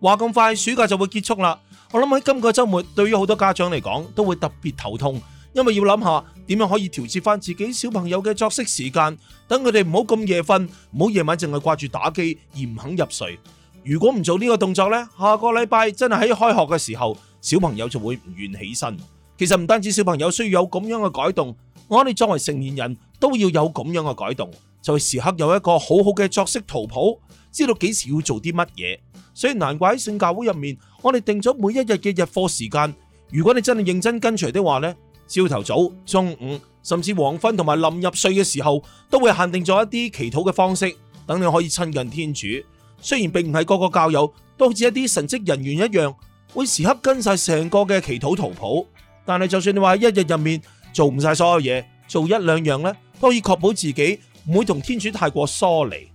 話咁快，暑假就會結束啦。我諗喺今個周末，對於好多家長嚟講，都會特別頭痛，因為要諗下點樣可以調節翻自己小朋友嘅作息時間，等佢哋唔好咁夜瞓，唔好夜晚淨係掛住打機而唔肯入睡。如果唔做呢個動作呢，下個禮拜真係喺開學嘅時候，小朋友就會唔願起身。其實唔單止小朋友需要有咁樣嘅改動，我哋作為成年人都要有咁樣嘅改動，就會時刻有一個好好嘅作息圖譜，知道幾時要做啲乜嘢。所以難怪喺聖教會入面，我哋定咗每一日嘅日課時間。如果你真係認真跟隨的話呢，朝頭早、中午甚至黃昏同埋臨入睡嘅時候，都會限定咗一啲祈禱嘅方式，等你可以親近天主。雖然並唔係個個教友都好似一啲神職人員一樣，會時刻跟晒成個嘅祈禱圖譜。但係就算你話一日入面做唔晒所有嘢，做一兩樣咧，都可以確保自己唔會同天主太過疏離。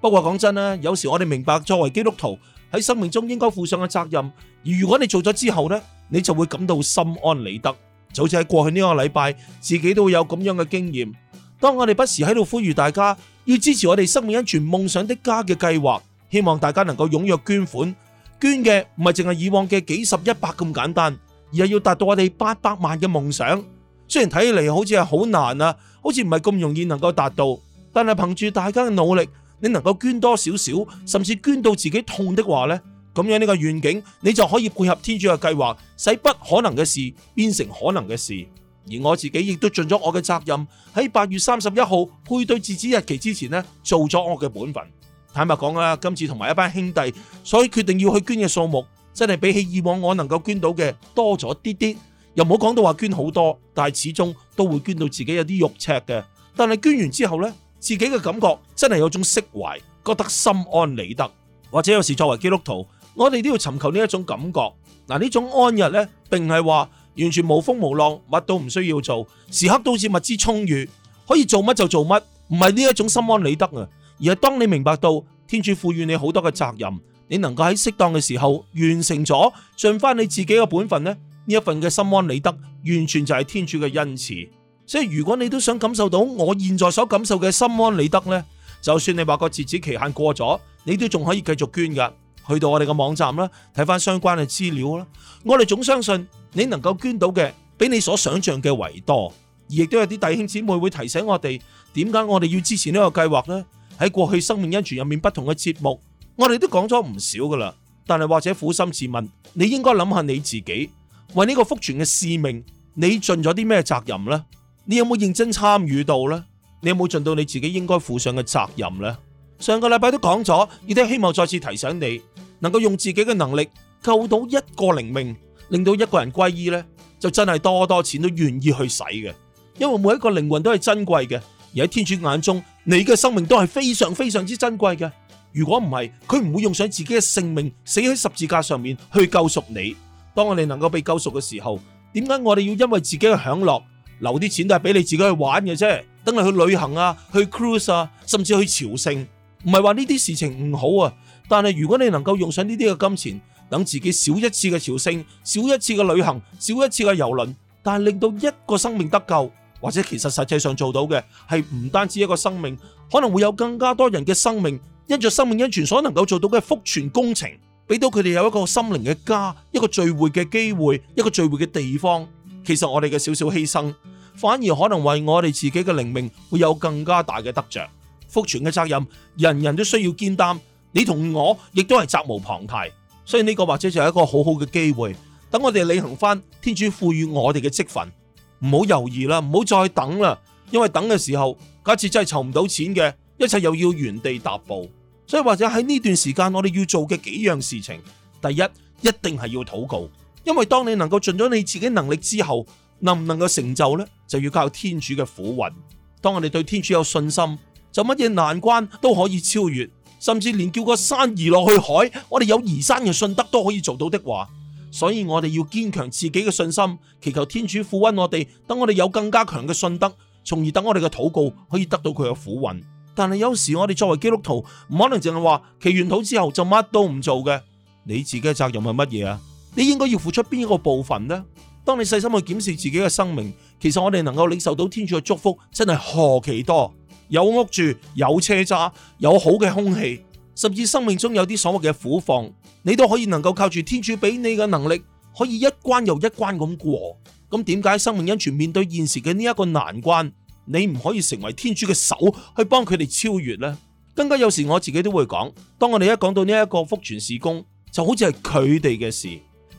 不過講真啦，有時我哋明白作為基督徒喺生命中應該負上嘅責任，而如果你做咗之後呢，你就會感到心安理得，就好似喺過去呢個禮拜自己都會有咁樣嘅經驗。當我哋不時喺度呼籲大家要支持我哋生命恩泉夢想的家嘅計劃，希望大家能夠踴躍捐款，捐嘅唔係淨係以往嘅幾十一百咁簡單。而係要達到我哋八百萬嘅夢想，雖然睇嚟好似係好難啊，好似唔係咁容易能夠達到，但係憑住大家嘅努力，你能夠捐多少少，甚至捐到自己痛的話呢，咁樣呢個願景，你就可以配合天主嘅計劃，使不可能嘅事變成可能嘅事。而我自己亦都盡咗我嘅責任，喺八月三十一號配對截止日期之前呢，做咗我嘅本分。坦白講啊，今次同埋一班兄弟，所以決定要去捐嘅數目。真係比起以往，我能夠捐到嘅多咗啲啲，又冇講到話捐好多，但係始終都會捐到自己有啲肉赤嘅。但係捐完之後呢，自己嘅感覺真係有種釋懷，覺得心安理得。或者有時作為基督徒，我哋都要尋求呢一種感覺。嗱，呢種安逸呢，並唔係話完全無風無浪，乜都唔需要做，時刻都似物資充裕，可以做乜就做乜，唔係呢一種心安理得啊，而係當你明白到天主賦予你好多嘅責任。你能夠喺適當嘅時候完成咗盡翻你自己嘅本分呢？呢一份嘅心安理得，完全就係天主嘅恩賜。所以如果你都想感受到我現在所感受嘅心安理得呢，就算你話個截止期限過咗，你都仲可以繼續捐噶。去到我哋嘅網站啦，睇翻相關嘅資料啦。我哋總相信你能夠捐到嘅，比你所想象嘅為多，而亦都有啲弟兄姊妹會提醒我哋，點解我哋要支持呢個計劃呢？喺過去生命恩泉入面不同嘅節目。我哋都講咗唔少噶啦，但係或者苦心自問，你應該諗下你自己為呢個福傳嘅使命，你盡咗啲咩責任呢？你有冇認真參與到呢？你有冇盡到你自己應該負上嘅責任呢？上個禮拜都講咗，亦都希望再次提醒你，能夠用自己嘅能力救到一個靈命，令到一個人歸依呢，就真係多多錢都願意去使嘅，因為每一個靈魂都係珍貴嘅，而喺天主眼中，你嘅生命都係非常非常之珍貴嘅。如果唔係，佢唔會用上自己嘅性命死喺十字架上面去救贖你。當我哋能夠被救贖嘅時候，點解我哋要因為自己嘅享樂留啲錢都係俾你自己去玩嘅啫？等你去旅行啊，去 cruise 啊，甚至去朝聖，唔係話呢啲事情唔好啊。但係如果你能夠用上呢啲嘅金錢，等自己少一次嘅朝聖，少一次嘅旅行，少一次嘅遊輪，但係令到一個生命得救，或者其實實際上做到嘅係唔單止一個生命，可能會有更加多人嘅生命。因着生命恩泉所能夠做到嘅福傳工程，俾到佢哋有一個心靈嘅家，一個聚會嘅機會，一個聚會嘅地方。其實我哋嘅少少犧牲，反而可能為我哋自己嘅靈命會有更加大嘅得着。福傳嘅責任，人人都需要肩擔。你同我亦都係責無旁貸。所以呢個或者就係一個好好嘅機會，等我哋履行翻天主賦予我哋嘅積份。唔好猶豫啦，唔好再等啦，因為等嘅時候，假設真係籌唔到錢嘅，一切又要原地踏步。所以或者喺呢段時間我哋要做嘅幾樣事情，第一一定係要禱告，因為當你能夠盡咗你自己能力之後，能唔能夠成就咧？就要靠天主嘅俯允。當我哋對天主有信心，就乜嘢難關都可以超越，甚至連叫個山移落去海，我哋有移山嘅信德都可以做到的話，所以我哋要堅強自己嘅信心，祈求天主俯允我哋，等我哋有更加強嘅信德，從而等我哋嘅禱告可以得到佢嘅俯允。但係有時我哋作為基督徒唔可能淨係話祈完禱之後就乜都唔做嘅，你自己嘅責任係乜嘢啊？你應該要付出邊一個部分呢？當你細心去檢視自己嘅生命，其實我哋能夠領受到天主嘅祝福真係何其多，有屋住，有車揸，有好嘅空氣，甚至生命中有啲所謂嘅苦況，你都可以能夠靠住天主俾你嘅能力，可以一關又一關咁過。咁點解生命恩泉面對現時嘅呢一個難關？你唔可以成為天主嘅手去幫佢哋超越呢。更加有時我自己都會講，當我哋一講到呢一個福傳事工，就好似係佢哋嘅事。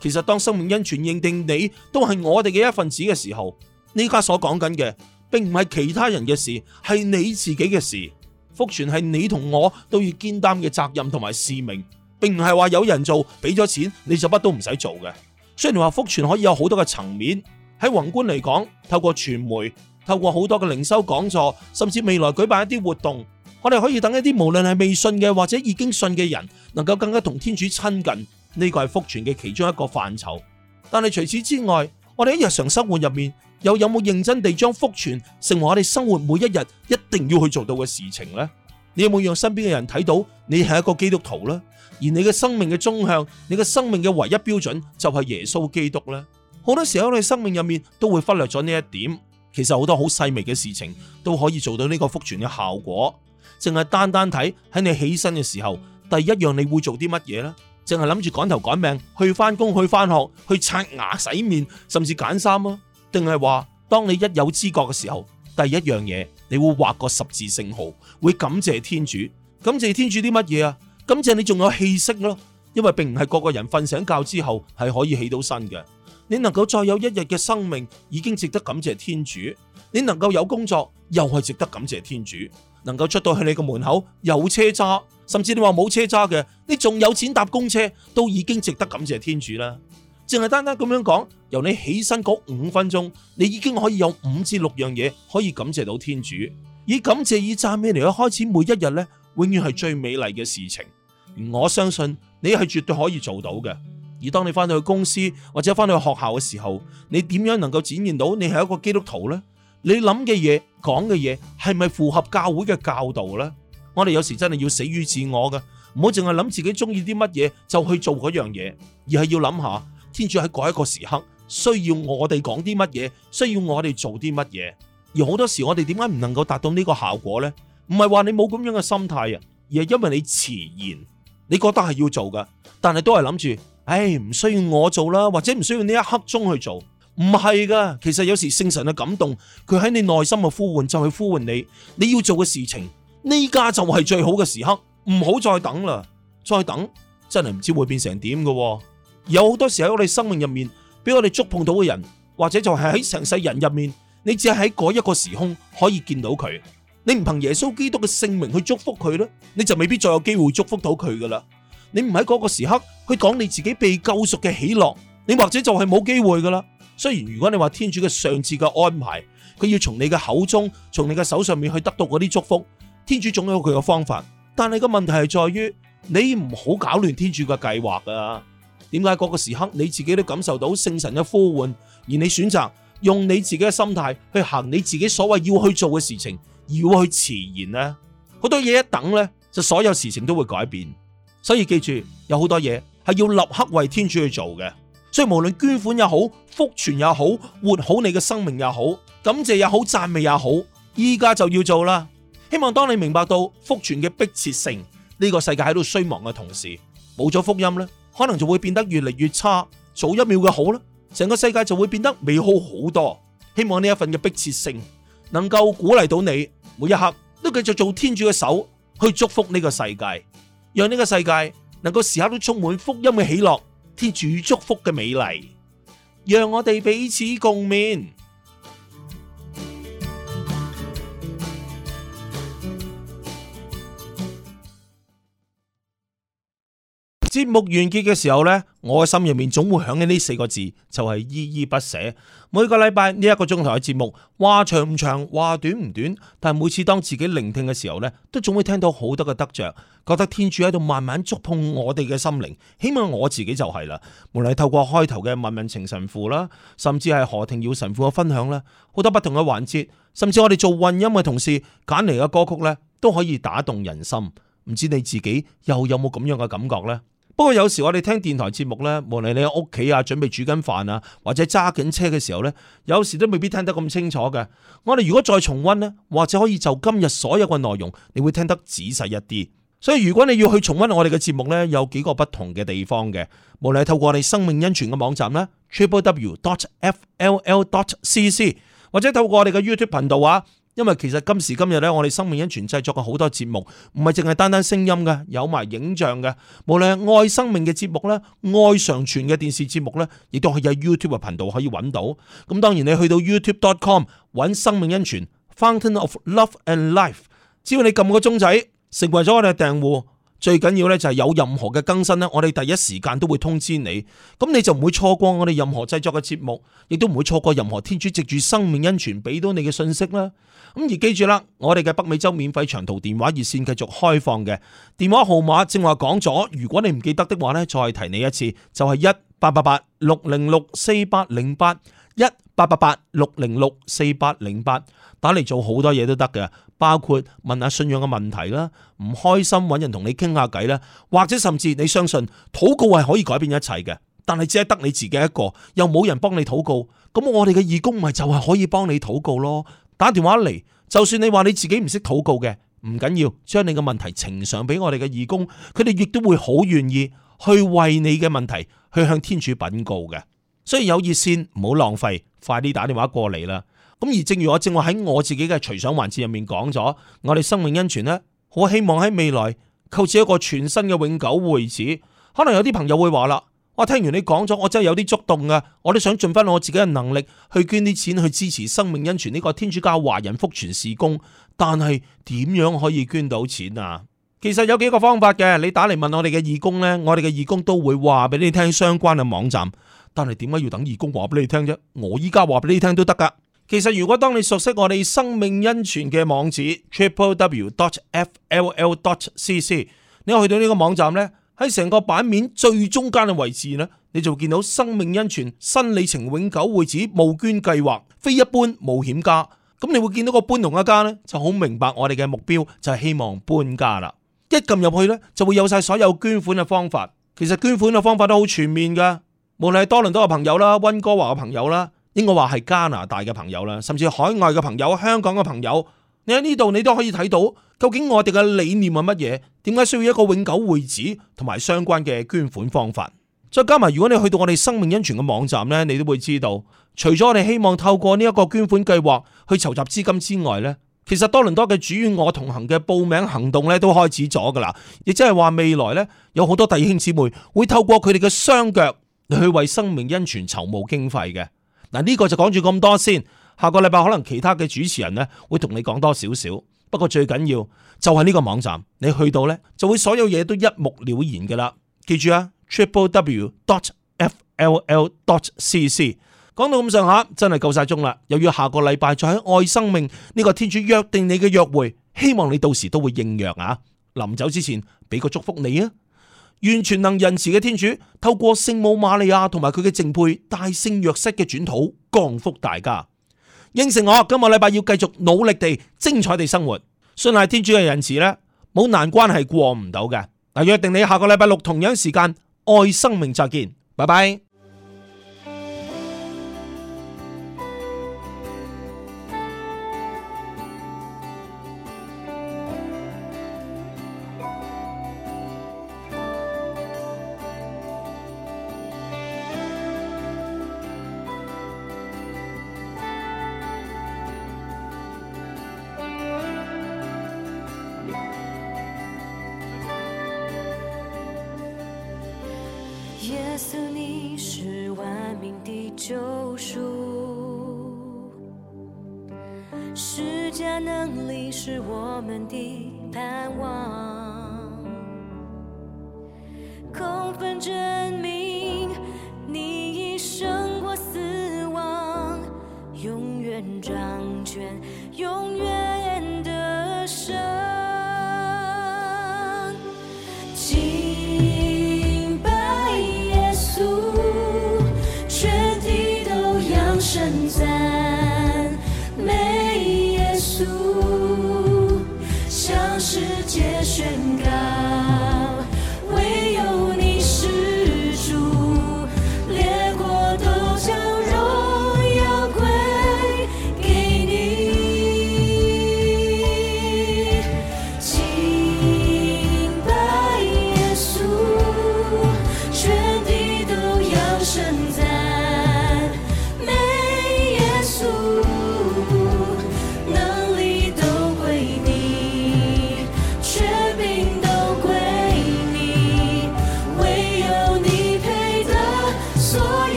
其實當生命因全認定你都係我哋嘅一份子嘅時候，呢家所講緊嘅並唔係其他人嘅事，係你自己嘅事。福傳係你同我都要肩擔嘅責任同埋使命，並唔係話有人做，俾咗錢你就乜都唔使做嘅。雖然話福傳可以有好多嘅層面，喺宏觀嚟講，透過傳媒。.透過好多嘅靈修講座，甚至未來舉辦一啲活動，我哋可以等一啲無論係未信嘅或者已經信嘅人，能夠更加同天主親近。呢個係福傳嘅其中一個範疇。但係除此之外，我哋喺日常生活入面，又有冇認真地將福傳成為我哋生活每一日一定要去做到嘅事情呢？你有冇讓身邊嘅人睇到你係一個基督徒呢？而你嘅生命嘅終向，你嘅生命嘅唯一標準就係耶穌基督呢。好多時候喺我哋生命入面，都會忽略咗呢一點。其實好多好細微嘅事情都可以做到呢個福傳嘅效果，淨係單單睇喺你起身嘅時候，第一樣你會做啲乜嘢呢？淨係諗住趕頭趕命去翻工去翻學去刷牙洗面，甚至揀衫咯？定係話當你一有知覺嘅時候，第一樣嘢你會畫個十字聖號，會感謝天主，感謝天主啲乜嘢啊？感謝你仲有氣息咯。因為並唔係個個人瞓醒覺之後係可以起到身嘅。你能夠再有一日嘅生命，已經值得感謝天主；你能夠有工作，又係值得感謝天主；能夠出到去你個門口有車揸，甚至你話冇車揸嘅，你仲有錢搭公車，都已經值得感謝天主啦。淨係單單咁樣講，由你起身嗰五分鐘，你已經可以有五至六樣嘢可以感謝到天主，以感謝以讚美嚟去開始每一日咧，永遠係最美麗嘅事情。我相信你係絕對可以做到嘅。而當你返到去公司或者返到去學校嘅時候，你點樣能夠展現到你係一個基督徒呢？你諗嘅嘢、講嘅嘢係咪符合教會嘅教導呢？我哋有時真係要死於自我嘅，唔好淨係諗自己中意啲乜嘢就去做嗰樣嘢，而係要諗下天主喺嗰一個時刻需要我哋講啲乜嘢，需要我哋做啲乜嘢。而好多時我哋點解唔能夠達到呢個效果呢？唔係話你冇咁樣嘅心態啊，而係因為你遲延，你覺得係要做嘅，但係都係諗住。唉，唔、哎、需要我做啦，或者唔需要呢一刻鐘去做，唔係噶。其實有時聖神嘅感動，佢喺你內心嘅呼喚就去、是、呼喚你，你要做嘅事情呢家就係最好嘅時刻，唔好再等啦，再等真係唔知會變成點噶。有好多時喺我哋生命入面，俾我哋觸碰到嘅人，或者就係喺成世人入面，你只係喺嗰一個時空可以見到佢。你唔憑耶穌基督嘅聖名去祝福佢咧，你就未必再有機會祝福到佢噶啦。你唔喺嗰個時刻，佢講你自己被救贖嘅喜樂，你或者就係冇機會噶啦。雖然如果你話天主嘅上次嘅安排，佢要從你嘅口中，從你嘅手上面去得到嗰啲祝福，天主總有佢嘅方法。但係個問題係在於，你唔好搞亂天主嘅計劃啊！點解嗰個時刻你自己都感受到聖神嘅呼喚，而你選擇用你自己嘅心態去行你自己所謂要去做嘅事情，要去遲延呢？好多嘢一等呢，就所有事情都會改變。所以記住，有好多嘢係要立刻為天主去做嘅。所以無論捐款也好，福傳也好，活好你嘅生命也好，感謝也好，讚美也好，依家就要做啦。希望當你明白到福傳嘅迫切性，呢、這個世界喺度衰亡嘅同時，冇咗福音咧，可能就會變得越嚟越差。早一秒嘅好咧，成個世界就會變得美好好多。希望呢一份嘅迫切性能夠鼓勵到你，每一刻都繼續做天主嘅手去祝福呢個世界。讓呢個世界能夠時刻都充滿福音嘅喜樂，天主祝福嘅美麗，讓我哋彼此共勉。節目完結嘅時候呢，我嘅心入面總會響起呢四個字，就係依依不捨。每個禮拜呢一個鐘頭嘅節目，話長唔長，話短唔短，但係每次當自己聆聽嘅時候呢，都總會聽到好多嘅得着，覺得天主喺度慢慢觸碰我哋嘅心靈。起碼我自己就係啦，無論係透過開頭嘅問問情神父啦，甚至係何庭耀神父嘅分享啦，好多不同嘅環節，甚至我哋做混音嘅同事揀嚟嘅歌曲呢，都可以打動人心。唔知你自己又有冇咁樣嘅感覺呢？不過有時我哋聽電台節目咧，無論你喺屋企啊，準備煮緊飯啊，或者揸緊車嘅時候咧，有時都未必聽得咁清楚嘅。我哋如果再重溫咧，或者可以就今日所有嘅內容，你會聽得仔細一啲。所以如果你要去重溫我哋嘅節目咧，有幾個不同嘅地方嘅，無論係透過我哋生命恩泉嘅網站咧，www.fll.cc，或者透過我哋嘅 YouTube 頻道啊。因為其實今時今日咧，我哋生命恩泉製作嘅好多節目，唔係淨係單單聲音嘅，有埋影像嘅。無論係愛生命嘅節目咧，愛常傳嘅電視節目咧，亦都可以喺 YouTube 嘅頻道可以搵到。咁當然你去到 YouTube.com 搵生命恩泉 （Fountain of Love and Life），只要你撳個鐘仔，成為咗我哋嘅訂戶。最緊要咧就係有任何嘅更新咧，我哋第一時間都會通知你，咁你就唔會錯過我哋任何製作嘅節目，亦都唔會錯過任何天主藉住生命恩泉俾到你嘅信息啦。咁而記住啦，我哋嘅北美洲免費長途電話熱線繼續開放嘅電話號碼，正話講咗，如果你唔記得的話咧，再提你一次，就係一八八八六零六四八零八一八八八六零六四八零八。打嚟做好多嘢都得嘅，包括問下信仰嘅問題啦，唔開心揾人同你傾下偈啦，或者甚至你相信禱告係可以改變一切嘅，但係只係得你自己一個，又冇人幫你禱告，咁我哋嘅義工咪就係可以幫你禱告咯。打電話嚟，就算你話你自己唔識禱告嘅，唔緊要，將你嘅問題呈上俾我哋嘅義工，佢哋亦都會好願意去為你嘅問題去向天主稟告嘅。所以有熱線唔好浪費，快啲打電話過嚟啦。咁而正如我正話喺我自己嘅隨想環節入面講咗，我哋生命恩泉呢，好希望喺未來構築一個全新嘅永久會址。可能有啲朋友會話啦，我聽完你講咗，我真係有啲觸動嘅，我都想盡翻我自己嘅能力去捐啲錢去支持生命恩泉呢個天主教華人福傳事工。但係點樣可以捐到錢啊？其實有幾個方法嘅，你打嚟問我哋嘅義工呢，我哋嘅義工都會話俾你聽相關嘅網站。但係點解要等義工話俾你聽啫？我依家話俾你聽都得噶。其實，如果當你熟悉我哋生命恩泉嘅網址 triple w.fll.cc，你去到呢個網站呢，喺成個版面最中間嘅位置呢，你就會見到生命恩泉新里程永久會址募捐計劃非一般冒險家，咁你會見到個搬同一家呢，就好明白我哋嘅目標就係、是、希望搬家啦。一撳入去呢，就會有晒所有捐款嘅方法。其實捐款嘅方法都好全面噶，無論係多倫多嘅朋友啦，溫哥華嘅朋友啦。應該話係加拿大嘅朋友啦，甚至海外嘅朋友、香港嘅朋友，你喺呢度你都可以睇到，究竟我哋嘅理念係乜嘢？點解需要一個永久會址同埋相關嘅捐款方法？再加埋如果你去到我哋生命恩泉嘅網站呢，你都會知道，除咗我哋希望透過呢一個捐款計劃去籌集資金之外呢，其實多倫多嘅主與我同行嘅報名行動呢都開始咗噶啦，亦即係話未來呢，有好多弟兄姊妹會透過佢哋嘅雙腳去為生命恩泉籌募經費嘅。嗱，呢個就講住咁多先，下個禮拜可能其他嘅主持人咧會同你講多少少，不過最緊要就係呢個網站，你去到咧就會所有嘢，都一目了然噶啦。記住啊，Triple W dot F L L dot C C。講到咁上下，真係夠晒鐘啦，又要下個禮拜再喺愛生命呢個天主約定你嘅約會，希望你到時都會應約啊！臨走之前俾個祝福你啊！完全能仁慈嘅天主，透過聖母瑪利亞同埋佢嘅淨配大聖若瑟嘅轉土，降福大家。應承我，今日禮拜要繼續努力地、精彩地生活，信賴天主嘅仁慈呢，冇難關係過唔到嘅。嗱，約定你下個禮拜六同樣時間愛生命再見，拜拜。